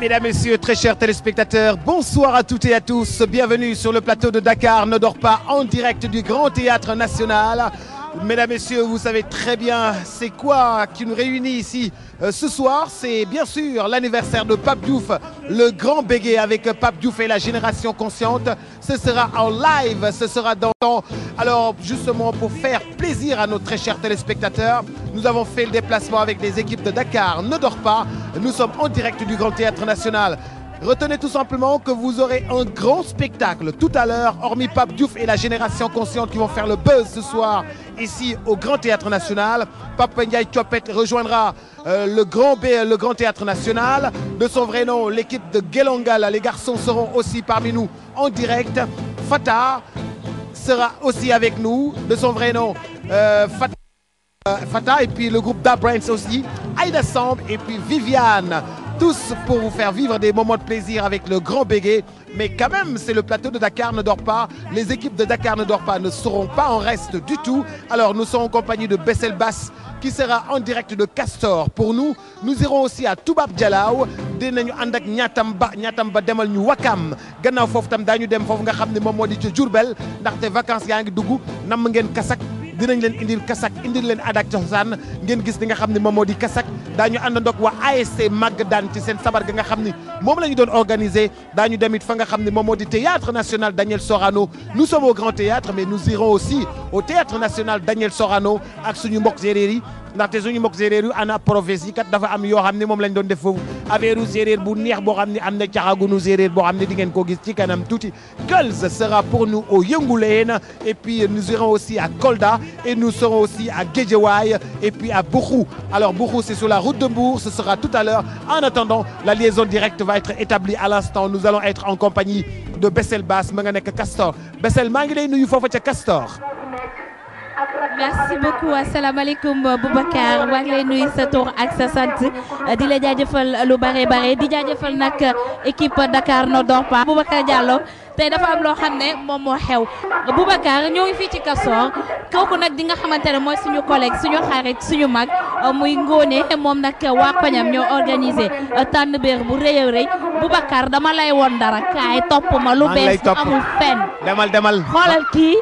Mesdames, Messieurs, très chers téléspectateurs, bonsoir à toutes et à tous. Bienvenue sur le plateau de Dakar ne dort pas en direct du Grand Théâtre National. Mesdames, Messieurs, vous savez très bien c'est quoi qui nous réunit ici Euh, ce soir, c'est bien sûr l'anniversaire de Pape Diouf, le grand bégué avec Pape Diouf et la génération consciente. Ce sera en live, ce sera dans Alors justement, pour faire plaisir à nos très chers téléspectateurs, nous avons fait le déplacement avec les équipes de Dakar. Ne dors pas, nous sommes en direct du Grand Théâtre National Retenez tout simplement que vous aurez un grand spectacle tout à l'heure, hormis Pape Diouf et la génération consciente qui vont faire le buzz ce soir ici au Grand Théâtre National. Pape Ndiaye Chopet rejoindra euh, le, grand B, le Grand Théâtre National. De son vrai nom, l'équipe de Gelongal, les garçons seront aussi parmi nous en direct. Fatah sera aussi avec nous, de son vrai nom, euh, euh et puis le groupe Da aussi, Aïda Samb et puis Viviane. tous pour vous faire vivre des moments de plaisir avec le grand béguet. Mais quand même, c'est le plateau de Dakar ne dort pas. Les équipes de Dakar ne dort pas ne seront pas en reste du tout. Alors nous serons en de Bessel Bass qui sera en direct de Castor pour nous. Nous irons aussi à Toubab Dialaw dinañu ànd ak ñaatam ba ñaatam ba demal ñu Wakam gannaaw foofu tam daañu dem foofu nga xam ne moom moo di ca Diourbel ndaxte vacances yaa ngi dugg namm ngeen kasak dinañ leen indil kasak indil leen adak cosaan ngeen gis li nga xam ne moom moo di kasak daañu àndandoog waa ASC Magadan ci seen sabar gi nga xam ni moom la ñu doon organiser daañu demit fa nga xam ne moom moo di théâtre national Daniel Sorano nous sommes au grand théâtre mais nous irons aussi au théâtre national Daniel Sorano ak suñu mbokk séeréer yi ndaxte suñu mbokk séeréer yu ana professe yi kat dafa am yoo xam ne moom lañ doon def foofu affaire séeréer bu neex boo xam ne am na caxagunu séeréer boo xam ne di ngeen ko gis ci kanam tuuti Gueule ce sera pour nous au Yeungoulène et puis nous irons aussi à Kolda et nous serons aussi à Guédiawaye et puis à Bourkhou alors Bourkhou c'est sur la route de Mbour ce sera tout à l'heure en attendant la liaison directe va être établie à l'instant nous allons être en compagnie de Bessel Bass ma nga nekk Castor maa ngi lay nuyu foofa ca Castor merci beaucoup asalaamaaleykum Boubacar maa ngi lay nuyu sa tur ak sa sant di la jaajëfal lu bare bare di jaajëfal nag équipe dakaar ne dort pas Boubacar Diallo tey dafa am loo xam ne moom moo xew Boubacar ñoo ngi fii ci Castor kooku nag di nga xamante ne mooy suñu collègue suñu xarit suñu mag muy ngóone moom nag waa koñam ñoo organisé tànn béer bu rëy a rëy Boubacar dama lay woon dara kaay topp ma lu bees amul fenn demal demal xoolal kii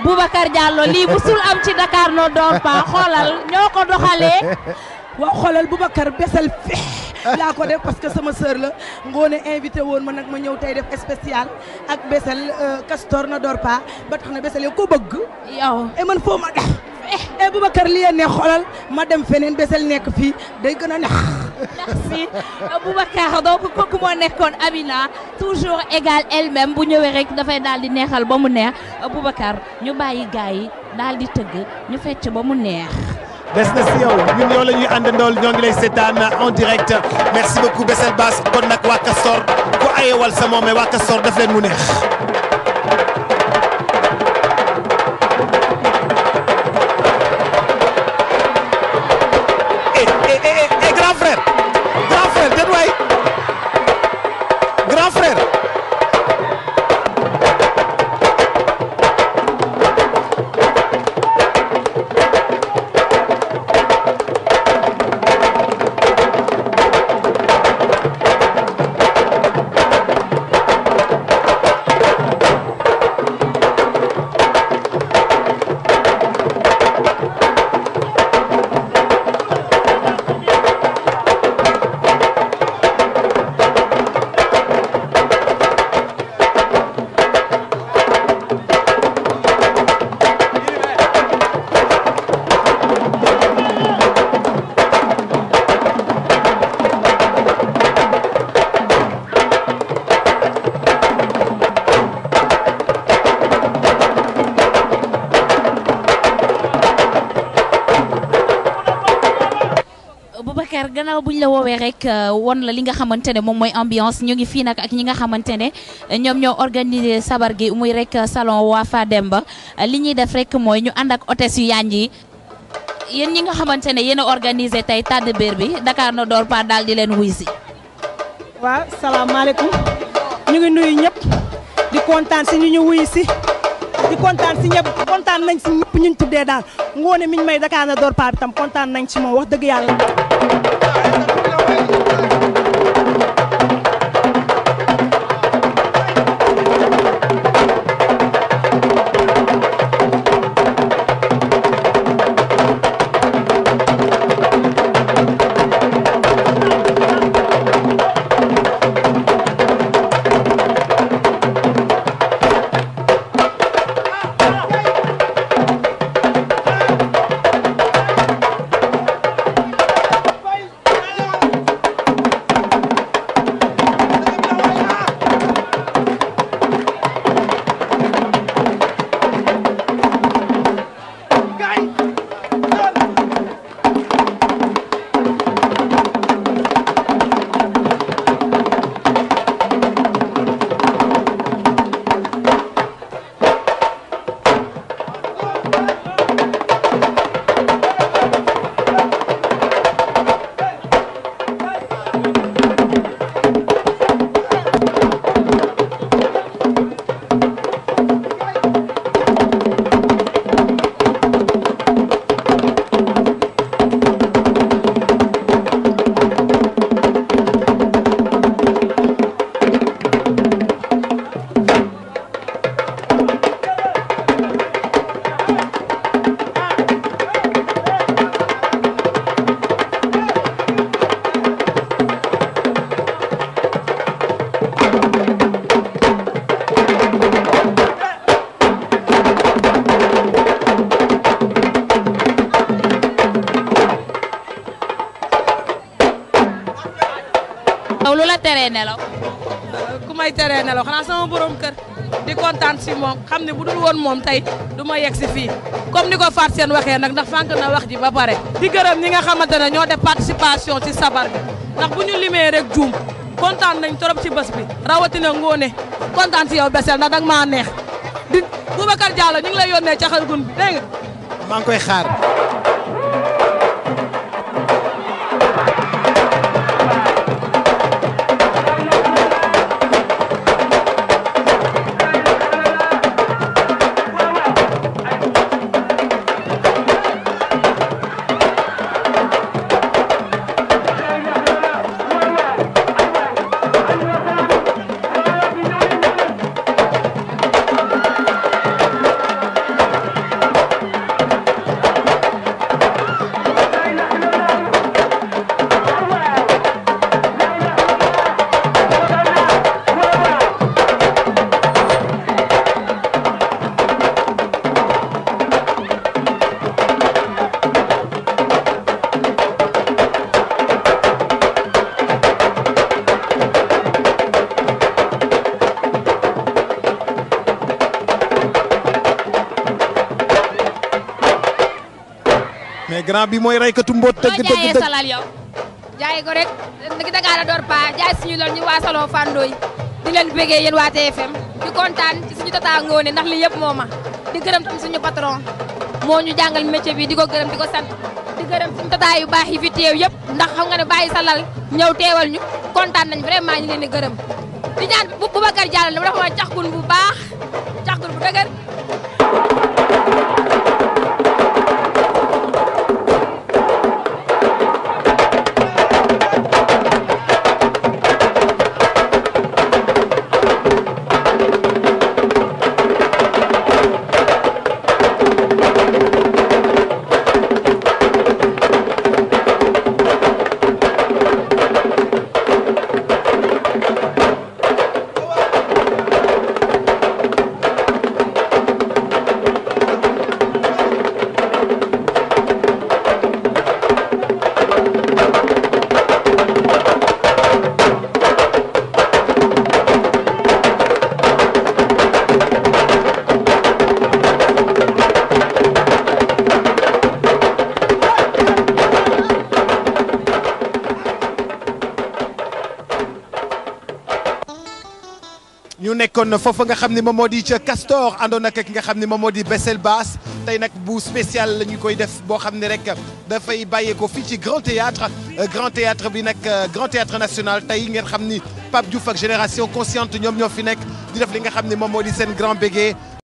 Boubacar Diallo lii musul am ci Dakar no door pa xoolal ñoo ko doxalee. waaw xoolal Boubacar besal fi laa ko def parce que sama sœur la ngoone invité woon ma nag ma ñëw tey def spécial ak besal euh, Castor na door pa ba tax na besal yow ko bëgg. yow e man foo ma def. e Boubacar li ne xoolal ma dem feneen besal nekk fii day gën a neex. merci Boubacar donc kooku moo nekkoon Amina toujours égale elle-même bu ñëwee rek dafay daal di neexal ba mu neex Boubacar ñu bàyyi gars yi daal di tëgg ñu fecc ba mu neex. des na si yow ñun yow la ñuy àndandool ñoo ngi lay seetaan en direct merci beaucoup Bessel Bass kon nag waa Castor ku ayewal sa moomee waa Castor daf leen mu neex. ginnaaw buñ la woowee rek euh, won la li nga xamante ne moom mooy ambiance ñu ngi fi nag ak ñi nga xamante ne euh, ñoom ñoo organiser sabar gi muy rek euh, salon Wafa ba li ñuy def rekk mooy ñu ànd ak hôtesse yu yaañ yi yéen ñi nga xamante ne yéen a organiser tey tàdd béer bi Dakar na dort pas daal di leen wuy si. waaw salaamaaleykum ñu ngi nuyu ñëpp di kontaan si ñu ñu wuy si di kontaan si ñëpp kontaan nañ si ñëpp ñu tuddee daal ngoone mi ñu may Dakar ne dort pas yow lu la teree nelaw. ku may teree nelaw xanaa sama borom kër di kontaan si moom xam ne bu dul woon moom tey du ma yegg si fii comme ni ko Fatou Seen waxee nag ndax fànk na wax ji ba pare. di gërëm ñi nga xamante ne ñoo def participation ci sabar bi ndax bu ñu limee rek juum kontaan nañ trop si bés bi rawatina Ngone kontaan si yow Bessél ndax danga maa neex di Boubacar Diallo ñu ngi lay yónnee ca xargun bi dégg nga maa ngi koy xaar. grand bi mooy raykatu mbóot dëgg dëgg dëgg salal yow jaay ko rek da nga door pa jaay suñu lool ñu waa saloo di leen bëggee yéen waa TFM di kontaan ci suñu tata Ngoné ndax li yëpp moo ma di gërëm tam suñu patron moo ñu jàngal métier bi di ko gërëm di ko sant di gërëm suñu tata yu baax yi fi teew yëpp ndax xam nga ne bàyyi salal ñaw teewal ñu kontaan nañ vraiment ñu leen di gërëm di ñaan Boubacar Diallo dama dafa ma caxgun bu baax caxgun ñu nekkoon foofa nga xam ne moom moo di ca Castor àndoon ak ki nga xam ne moom moo di Bessel Basse tey nag bu spécial la ñu koy def boo xam ne rek dafay bàyyeekoo fii ci Grand Théâtre euh, Grand Théâtre bi nag euh, Grand Théâtre National tey ngeen xam ni Pape Diouf ak Génération Consciente ñoom ñoo fi nekk di def li nga xam ne moom moo di seen grand bégué